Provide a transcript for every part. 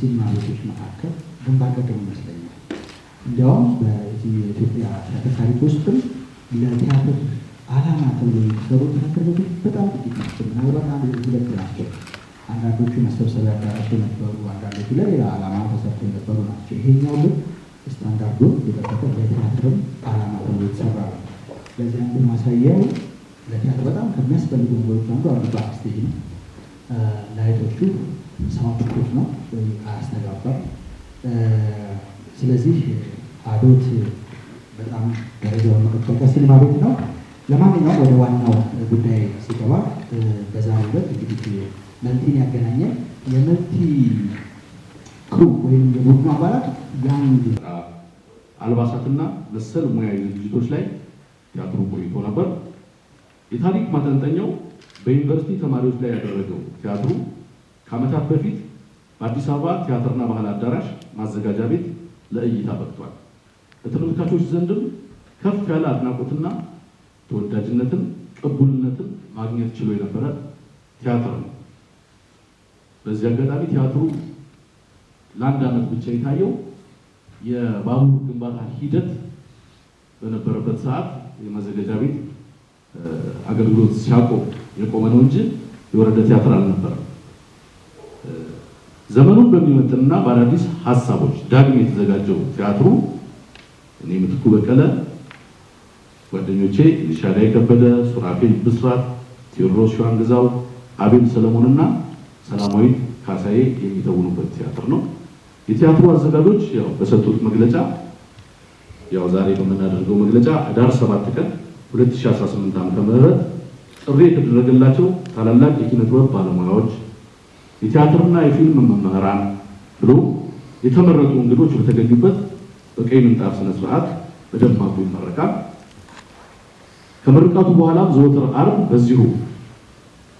ሲኒማ ቤቶች መካከል ግንባር ቀደም ይመስለኛል። እንዲያውም በዚህ የኢትዮጵያ ቲያትር ታሪክ ውስጥም ለቲያትር አላማ ተብሎ የሚሰሩ ቲያትር ቤቶች በጣም ጥቂት ናቸው። ምናልባት አንድ ሁለት ናቸው። አንዳንዶቹ መሰብሰቢያ አዳራሽ የነበሩ፣ አንዳንዶቹ ለሌላ አላማ ተሰርቶ የነበሩ ናቸው። ይሄኛው ግን ስታንዳርዱ የጠበቀ ለቲያትርም አላማ ተብሎ የተሰራ ነው። ለዚህ አንዱ ማሳያው ለቲያትር በጣም ከሚያስፈልጉ ነገሮች አንዱ አንዱ ባክስቴጅ ነው። ላይቶቹ ሰማንያ ቁጥር ነው አያስተጋባም። ስለዚህ አዶት በጣም ደረጃውን መጠበቀ ሲኒማ ቤት ነው። ለማንኛውም ወደ ዋናው ጉዳይ ሲገባ በዛሬው ዕለት እንግዲህ መልቲን ያገናኘ የመልቲ ክሩ ወይም የቡድኑ አባላት የአንድ አልባሳትና መሰል ሙያዊ ዝግጅቶች ላይ ቲያትሩ ቆይቶ ነበር። የታሪክ ማጠንጠኛው በዩኒቨርሲቲ ተማሪዎች ላይ ያደረገው ቲያትሩ ከዓመታት በፊት በአዲስ አበባ ቲያትርና ባህል አዳራሽ ማዘጋጃ ቤት ለእይታ በቅቷል። በተመልካቾች ዘንድም ከፍ ያለ አድናቆትና ተወዳጅነትን ቅቡልነትን ማግኘት ችሎ የነበረ ቲያትር ነው። በዚህ አጋጣሚ ቲያትሩ ለአንድ ዓመት ብቻ የታየው የባቡር ግንባታ ሂደት በነበረበት ሰዓት የማዘጋጃ ቤት አገልግሎት ሲያቆም የቆመ ነው እንጂ የወረደ ቲያትር አልነበረም። ዘመኑን በሚመጥንና በአዳዲስ ሀሳቦች ዳግም የተዘጋጀው ቲያትሩ እኔ ምትኩ በቀለ፣ ጓደኞቼ ሻዳይ የከበደ ሱራፌል ብስራት፣ ቴዎድሮስ ሸዋንግዛው፣ አቤል ሰለሞንና ሰላማዊ ካሳዬ የሚተውኑበት ቲያትር ነው። የቲያትሩ አዘጋጆች ያው በሰጡት መግለጫ ያው ዛሬ በምናደርገው መግለጫ ኅዳር 7 ቀን 2018 ዓ.ም ጥሪ የተደረገላቸው ታላላቅ የኪነ ጥበብ ባለሙያዎች የቲያትርና የፊልም መምህራን ብሎ የተመረጡ እንግዶች በተገኙበት በቀይ ምንጣፍ ስነ ስርዓት በደማቁ ይመረቃል። ከምርቃቱ በኋላ ዘወትር አርብ በዚሁ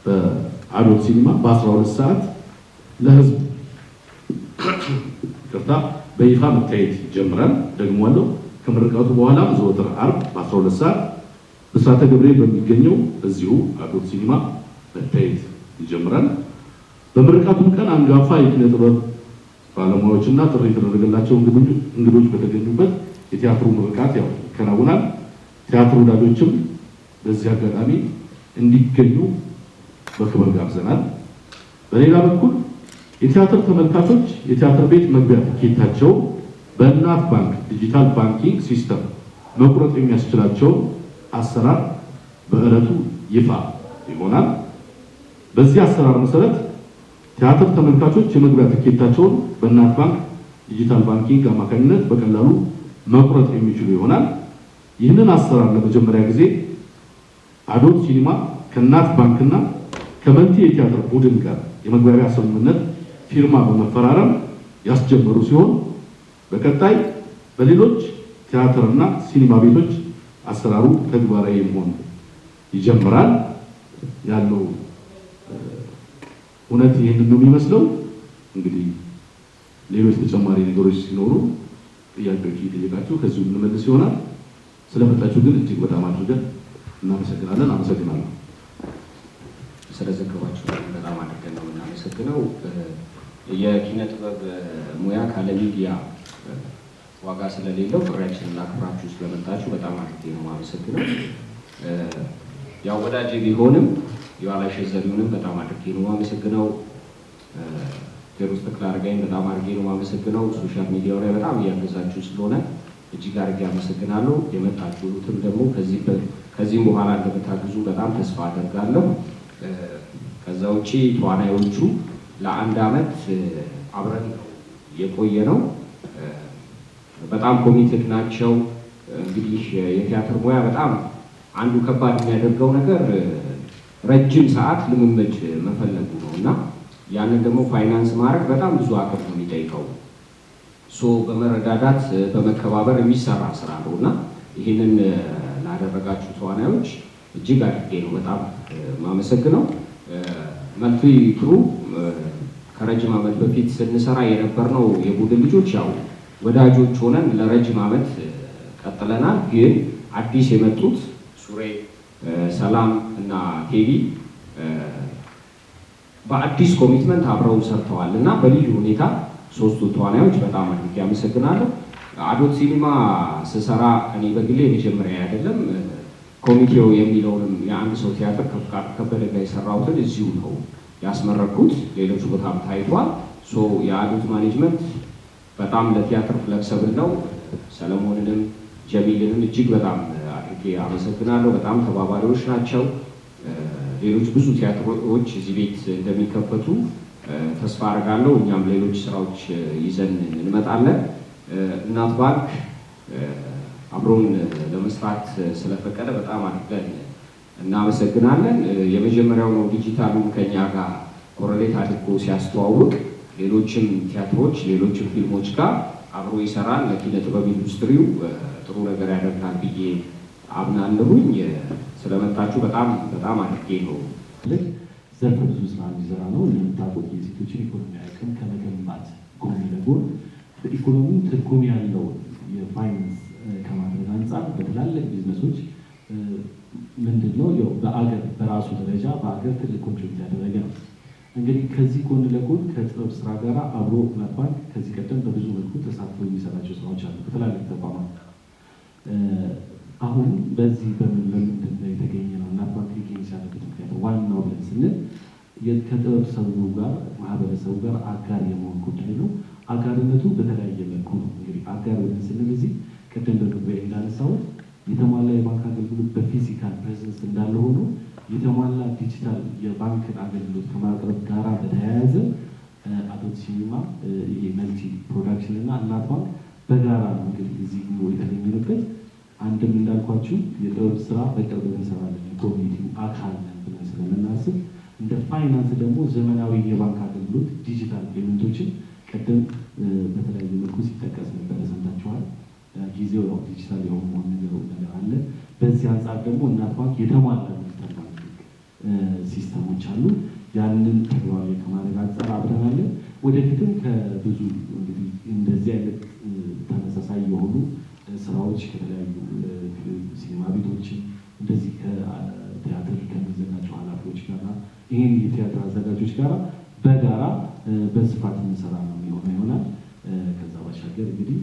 በአዶት ሲኒማ በ12 ሰዓት ለህዝብ ቅርታ በይፋ መታየት ይጀምራል። ለው። ከምርቃቱ በኋላ ዘወትር አርብ በ12 ሰዓት ብስራተ ገብሬ በሚገኘው እዚሁ አዶት ሲኒማ መታየት ይጀምራል። በምርቃቱም ቀን አንጋፋ የኪነ ጥበብ ባለሙያዎችና ጥሪ የተደረገላቸው እንግዶች በተገኙበት የቲያትሩ ምርቃት ያው ቲያትር ወዳጆችም በዚህ አጋጣሚ እንዲገኙ በክብር ጋብዘናል። በሌላ በኩል የቲያትር ተመልካቾች የቲያትር ቤት መግቢያ ትኬታቸው በእናት ባንክ ዲጂታል ባንኪንግ ሲስተም መቁረጥ የሚያስችላቸው አሰራር በዕለቱ ይፋ ይሆናል። በዚህ አሰራር መሰረት ቲያትር ተመልካቾች የመግቢያ ትኬታቸውን በእናት ባንክ ዲጂታል ባንኪንግ አማካኝነት በቀላሉ መቁረጥ የሚችሉ ይሆናል። ይህንን አሰራር ለመጀመሪያ ጊዜ አዶት ሲኒማ ከእናት ባንክና ከመልቲ የቲያትር ቡድን ጋር የመግባቢያ ስምምነት ፊርማ በመፈራረም ያስጀመሩ ሲሆን በቀጣይ በሌሎች ቲያትርና ሲኒማ ቤቶች አሰራሩ ተግባራዊ መሆን ይጀምራል ያለው እውነት ይህን ነው የሚመስለው። እንግዲህ ሌሎች ተጨማሪ ነገሮች ሲኖሩ ጥያቄዎች እየጠየቃችሁ ከዚሁ የምንመልስ ይሆናል። ስለመጣችሁ ግን እጅግ በጣም አድርገን እናመሰግናለን። አመሰግናለሁ። ስለዘገባችሁ በጣም አድርገን ነው የምናመሰግነው። የኪነ ጥበብ ሙያ ካለ ሚዲያ ዋጋ ስለሌለው ጥሪያችንን አክብራችሁ ስለመጣችሁ በጣም አድርጌ ነው የማመሰግነው። ያው ቢሆንም የዋላሽ ዘሪሁንም በጣም አድርጌ ነው የማመሰግነው። ቴዎድሮስ ተክለአረጋይን በጣም አድርጌ ነው አመሰግነው። ሶሻል ሚዲያው ላይ በጣም እያገዛችሁ ስለሆነ እጅግ አድርጌ አመሰግናለሁ። የመጣችሁትም ደግሞ ከዚህም በኋላ እንደምታግዙ በጣም ተስፋ አደርጋለሁ። ከዛ ውጭ ተዋናዮቹ ለአንድ አመት አብረን ነው የቆየ ነው። በጣም ኮሚትድ ናቸው። እንግዲህ የቲያትር ሙያ በጣም አንዱ ከባድ የሚያደርገው ነገር ረጅም ሰዓት ልምምድ መፈለጉ ነው እና ያንን ደግሞ ፋይናንስ ማድረግ በጣም ብዙ አቅም ነው የሚጠይቀው። ሶ በመረዳዳት በመከባበር የሚሰራ ስራ ነው እና ይህንን ላደረጋችሁ ተዋናዮች እጅግ አድርጌ ነው በጣም ማመሰግነው። መልቲ ክሩ ከረጅም ዓመት በፊት ስንሰራ የነበርነው የቡድን ልጆች ያው ወዳጆች ሆነን ለረጅም ዓመት ቀጥለናል። ግን አዲስ የመጡት ሱሬ ሰላም እና ቴቪ በአዲስ ኮሚትመንት አብረው ሰርተዋል እና በልዩ ሁኔታ ሶስቱ ተዋናዮች በጣም አድርጌ አመሰግናለሁ። አዶት ሲኒማ ስሰራ እኔ በግሌ መጀመሪያ አይደለም ኮሚቴው የሚለውንም የአንድ ሰው ቲያትር ከፍቃድ ከበደ ጋር የሰራሁትን እዚሁ ነው ያስመረኩት። ሌሎች ቦታም ታይቷል። የአዶት ማኔጅመንት በጣም ለቲያትር ፍለክሰብል ነው። ሰለሞንንም ጀሚልንም እጅግ በጣም አድርጌ አመሰግናለሁ። በጣም ተባባሪዎች ናቸው። ሌሎች ብዙ ቲያትሮች እዚህ ቤት እንደሚከፈቱ ተስፋ አድርጋለሁ። እኛም ሌሎች ስራዎች ይዘን እንመጣለን። እናት ባንክ አብሮን ለመስራት ስለፈቀደ በጣም አድርገን እናመሰግናለን። የመጀመሪያው ነው ዲጂታሉን ከኛ ጋር ኮረሌት አድርጎ ሲያስተዋውቅ ሌሎችም ቲያትሮች፣ ሌሎችም ፊልሞች ጋር አብሮ ይሰራል። ለኪነ ጥበብ ኢንዱስትሪው ጥሩ ነገር ያደርጋል ብዬ አምናለሁኝ። ስለመጣችሁ በጣም በጣም አድርጌ ነው ልክ ዘርፈ ብዙ ስራ የሚሰራ ነው። እንደምታውቁት የሴቶችን ኢኮኖሚ አቅም ከመገንባት ጎን ለጎን በኢኮኖሚ ትርጉም ያለው የፋይናንስ ከማድረግ አንጻር በትላልቅ ቢዝነሶች ምንድን ነው ያው በአገር በራሱ ደረጃ በአገር ትልቅ ኮንትሪቢዩት ያደረገ ነው። እንግዲህ ከዚህ ጎን ለጎን ከጥበብ ስራ ጋር አብሮ መባል ከዚህ ቀደም በብዙ መልኩ ተሳትፎ የሚሰራቸው ስራዎች አሉ በትላልቅ ተቋማት አሁን በዚህ በምን በምንድን ነው የተገኘ ነው እና ፓርቲ የሚቻለበት ምክንያት ዋናው ብለን ስንል ከጥበብ ሰው ጋር ማህበረሰቡ ጋር አጋር የመሆን ጉዳይ ነው። አጋርነቱ በተለያየ መልኩ ነው። እንግዲህ አጋር ብለን ስንል እዚህ ቅድም በመግቢያ እንዳነሳሁት የተሟላ የባንክ አገልግሎት በፊዚካል ፕሬዘንስ እንዳለ ሆኖ የተሟላ ዲጂታል የባንክን አገልግሎት ከማቅረብ ጋራ በተያያዘ አቶት ሲኒማ ይሄ መልቲ ፕሮዳክሽን እና እናት ባንክ በጋራ ነው እንግዲህ እዚህ የተገኘንበት አንድም እንዳልኳችሁ የጥበብ ስራ በቅርብ እንሰራለን የኮሚኒቲው አካል ብለን ስለምናስብ እንደ ፋይናንስ ደግሞ ዘመናዊ የባንክ አገልግሎት ዲጂታል ፔመንቶችን ቅድም በተለያየ መልኩ ሲጠቀስ ነበረ፣ ሰምታችኋል። ጊዜው ያው ዲጂታል የሆኑ ነገር ነገር አለ። በዚህ አንጻር ደግሞ እናት ባንክ የተሟላ ዲጂታል ባንክ ሲስተሞች አሉ። ያንን ተግባራዊ ከማድረግ አንጻር አብረናለን። ወደፊትም ከብዙ እንግዲህ እንደዚህ አይነት ተመሳሳይ የሆኑ ስራዎች ከተለያዩ ሲኒማ ቤቶችን እንደዚህ ከቲያትር ከሚዘጋጀው ኃላፊዎች ጋር ይህን የቲያትር አዘጋጆች ጋር በጋራ በስፋት እንሰራ ነው የሚሆነ ይሆናል። ከዛ ባሻገር እንግዲህ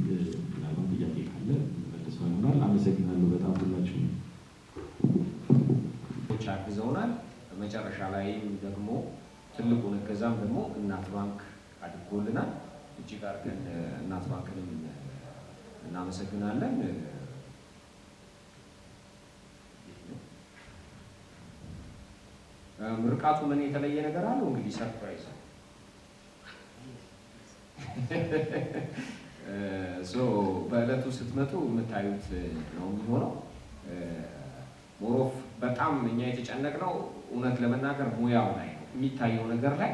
ምናልባት ጥያቄ ካለ መልሶ ይሆናል። አመሰግናለሁ በጣም ሁላችሁ አግዘውናል። መጨረሻ ላይም ደግሞ ትልቁን እገዛም ደግሞ እናት ባንክ አድርጎልናል። እጅግ አድርገን እናት ባንክንም እናመሰግናለን። ምርቃቱ ምን የተለየ ነገር አለው? እንግዲህ ሰርፕራይዝ ነው። በዕለቱ ስትመጡ የምታዩት ነው የሚሆነው። ሞሮፍ በጣም እኛ የተጨነቅነው እውነት ለመናገር ሙያው ላይ ነው የሚታየው ነገር ላይ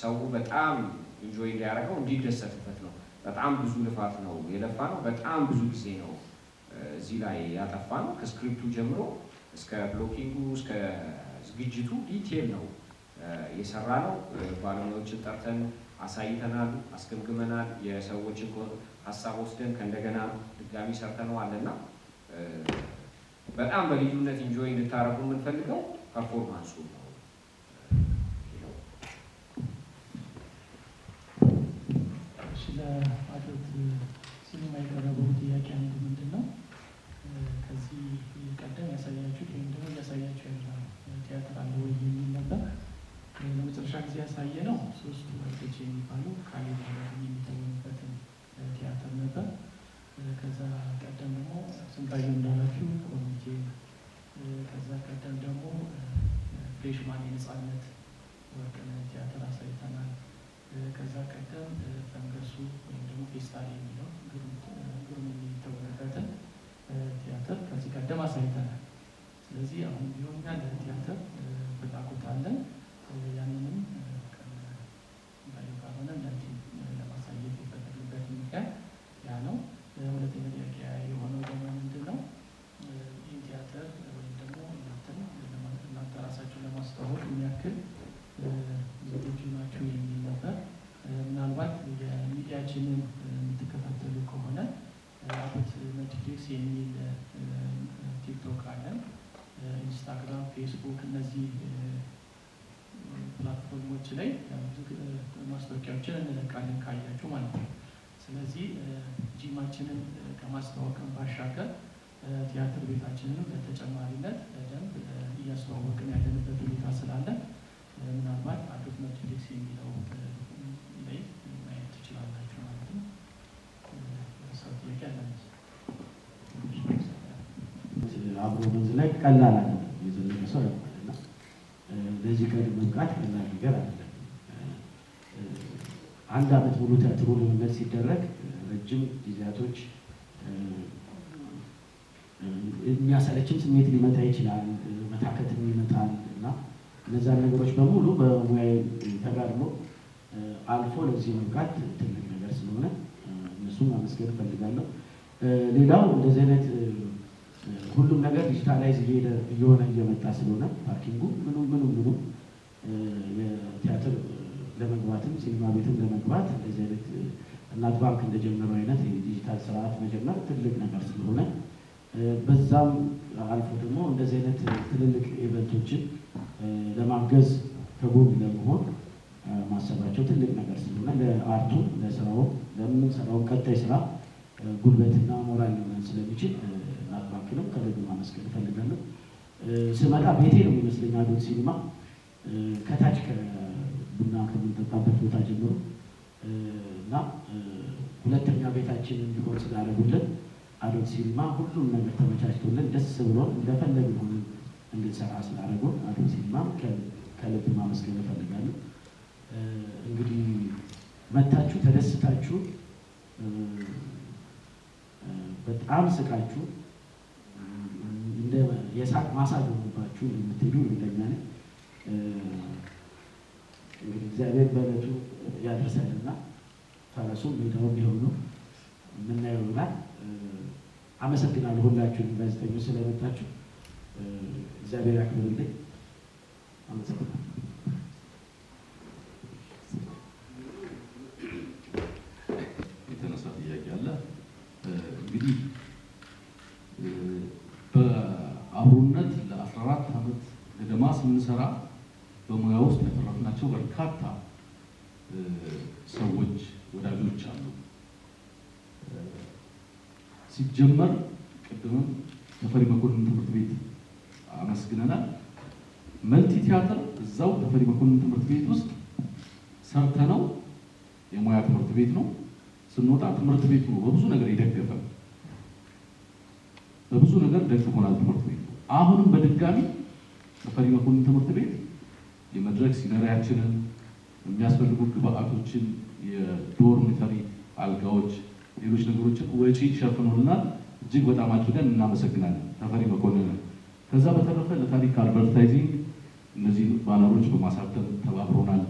ሰው በጣም ኢንጆይ እንዲያደርገው እንዲደሰትበት ነው። በጣም ብዙ ልፋት ነው የለፋ ነው። በጣም ብዙ ጊዜ ነው እዚህ ላይ ያጠፋ ነው። ከስክሪፕቱ ጀምሮ እስከ ብሎኪንጉ እስከ ዝግጅቱ ዲቴል ነው የሰራ ነው። ባለሙያዎችን ጠርተን አሳይተናል፣ አስገምግመናል። የሰዎችን ሀሳብ ወስደን ከእንደገና ድጋሚ ሰርተነዋል እና በጣም በልዩነት ኢንጆይ እንድታረጉ የምንፈልገው ፐርፎርማንሱ ነው። ለአቶት ሲኒማ የቀረበው ጥያቄ አንዱ ምንድን ነው ከዚህ ቀደም ያሳያችሁት ወይም ደግሞ እያሳያችሁ ያለ ቲያትር አለ ወይ የሚል ነበር። ለመጨረሻ ጊዜ ያሳየ ነው ሶስቱ ወርቆች የሚባሉ ካሌብ ኃይሉ የሚተወንበትን ቲያትር ነበር። ከዛ ቀደም ደግሞ ስንታየሁ እንዳላችሁ ኮሚቴ፣ ከዛ ቀደም ደግሞ ፍሬሽማን የነፃነት ወርቅነህ ቲያትር አሳይተናል። ከዛ ቀደም ፈንገሱ ወይም ደግሞ ፌስታል የሚለው ግሩም የሚተወንበትን ቲያትር ከዚህ ቀደም አሳይተናል። ስለዚህ አሁን ቢሆን ያለ ፌስቡክ፣ እነዚህ ፕላትፎርሞች ላይ ማስታወቂያዎችን እንለቃለን ካያችሁ ማለት ነው። ስለዚህ ጂማችንን ከማስተዋወቅን ባሻገር ቲያትር ቤታችንንም በተጨማሪነት በደንብ እያስተዋወቅን ያለንበት ሁኔታ ስላለ ምናልባት አዶትመንት ኢንዴክስ የሚለው ላይ ማየት ትችላላችሁ ማለት ነው። ሰው ጥያቄ አለ አብሮ መንዝ ላይ ቀላል ለዚህ ቀን መብቃት ቀላል ነገር አይደለም። አንድ አመት ሙሉ ተጥሮ ልምምድ ሲደረግ ረጅም ጊዜያቶች የሚያሰለችም ስሜት ሊመጣ ይችላል፣ መታከትም ይመጣል እና እነዛን ነገሮች በሙሉ በሙያ ተጋድሞ አልፎ ለዚህ መብቃት ትልቅ ነገር ስለሆነ እነሱም አመስገን እፈልጋለሁ። ሌላው እንደዚህ አይነት ሁሉም ነገር ዲጂታላይዝ እየሆነ እየመጣ ስለሆነ ፓርኪንጉ ምኑም ምኑም ምኑም የቲያትር ለመግባትም ሲኒማ ቤትም ለመግባት እንደዚህ አይነት እናት ባንክ እንደጀመረው አይነት የዲጂታል ስርዓት መጀመር ትልቅ ነገር ስለሆነ በዛም አልፎ ደግሞ እንደዚህ አይነት ትልልቅ ኢቨንቶችን ለማገዝ ከጎን ለመሆን ማሰባቸው ትልቅ ነገር ስለሆነ ለአርቱ ለስራው ለምንሰራው ቀጣይ ስራ ጉልበትና ሞራል ሊሆን ስለሚችል አባክለው ከልብ ማመስገን እፈልጋለሁ። ስመጣ ቤቴ ነው የሚመስለኝ አዶት ሲኒማ ከታች ከቡና ከምንጠጣበት ቦታ ጀምሮ እና ሁለተኛ ቤታችን እንዲሆን ስላደረጉልን አዶት ሲኒማ ሁሉም ነገር ተመቻችቶልን ደስ ብሎ እንደፈለግን ሆነን እንድንሰራ ስላደረጉን አዶት ሲኒማ ከልብ ማመስገን እፈልጋለሁ። እንግዲህ መታችሁ ተደስታችሁ በጣም ስቃችሁ እንደ የሳቅ ማሳጅ ሆኑባችሁ የምትሄዱ እርግጠኛ ነኝ። እንግዲህ እግዚአብሔር በእለቱ ያደርሰንና ፈረሱም ሜዳው ቢሆኑ የምናየው ይሆናል። አመሰግናለሁ ሁላችሁንም ጋዜጠኞች ስለመጣችሁ። እግዚአብሔር ያክብርልኝ። አመሰግናለሁ። ስንሰራ በሙያ ውስጥ ያተረፍናቸው በርካታ ሰዎች ወዳጆች አሉ። ሲጀመር ቅድምም ተፈሪ መኮንን ትምህርት ቤት አመስግነናል። መልቲ ቲያትር እዛው ተፈሪ መኮንን ትምህርት ቤት ውስጥ ሰርተነው የሙያ ትምህርት ቤት ነው። ስንወጣ ትምህርት ቤት ነው በብዙ ነገር የደገፈ በብዙ ነገር ደግፎናል። ትምህርት ቤት ነው አሁንም በድጋሚ ተፈሪ መኮንን ትምህርት ቤት የመድረክ ሲነሪያችንን የሚያስፈልጉ ግብአቶችን፣ የዶርሚተሪ አልጋዎች፣ ሌሎች ነገሮችን ወጪ ሸፍኖልናል። እጅግ በጣም አድርገን እናመሰግናለን ተፈሪ መኮንን። ከዛ በተረፈ ለታሪክ አድቨርታይዚንግ እነዚህ ባነሮች በማሳተም ተባብሮናል።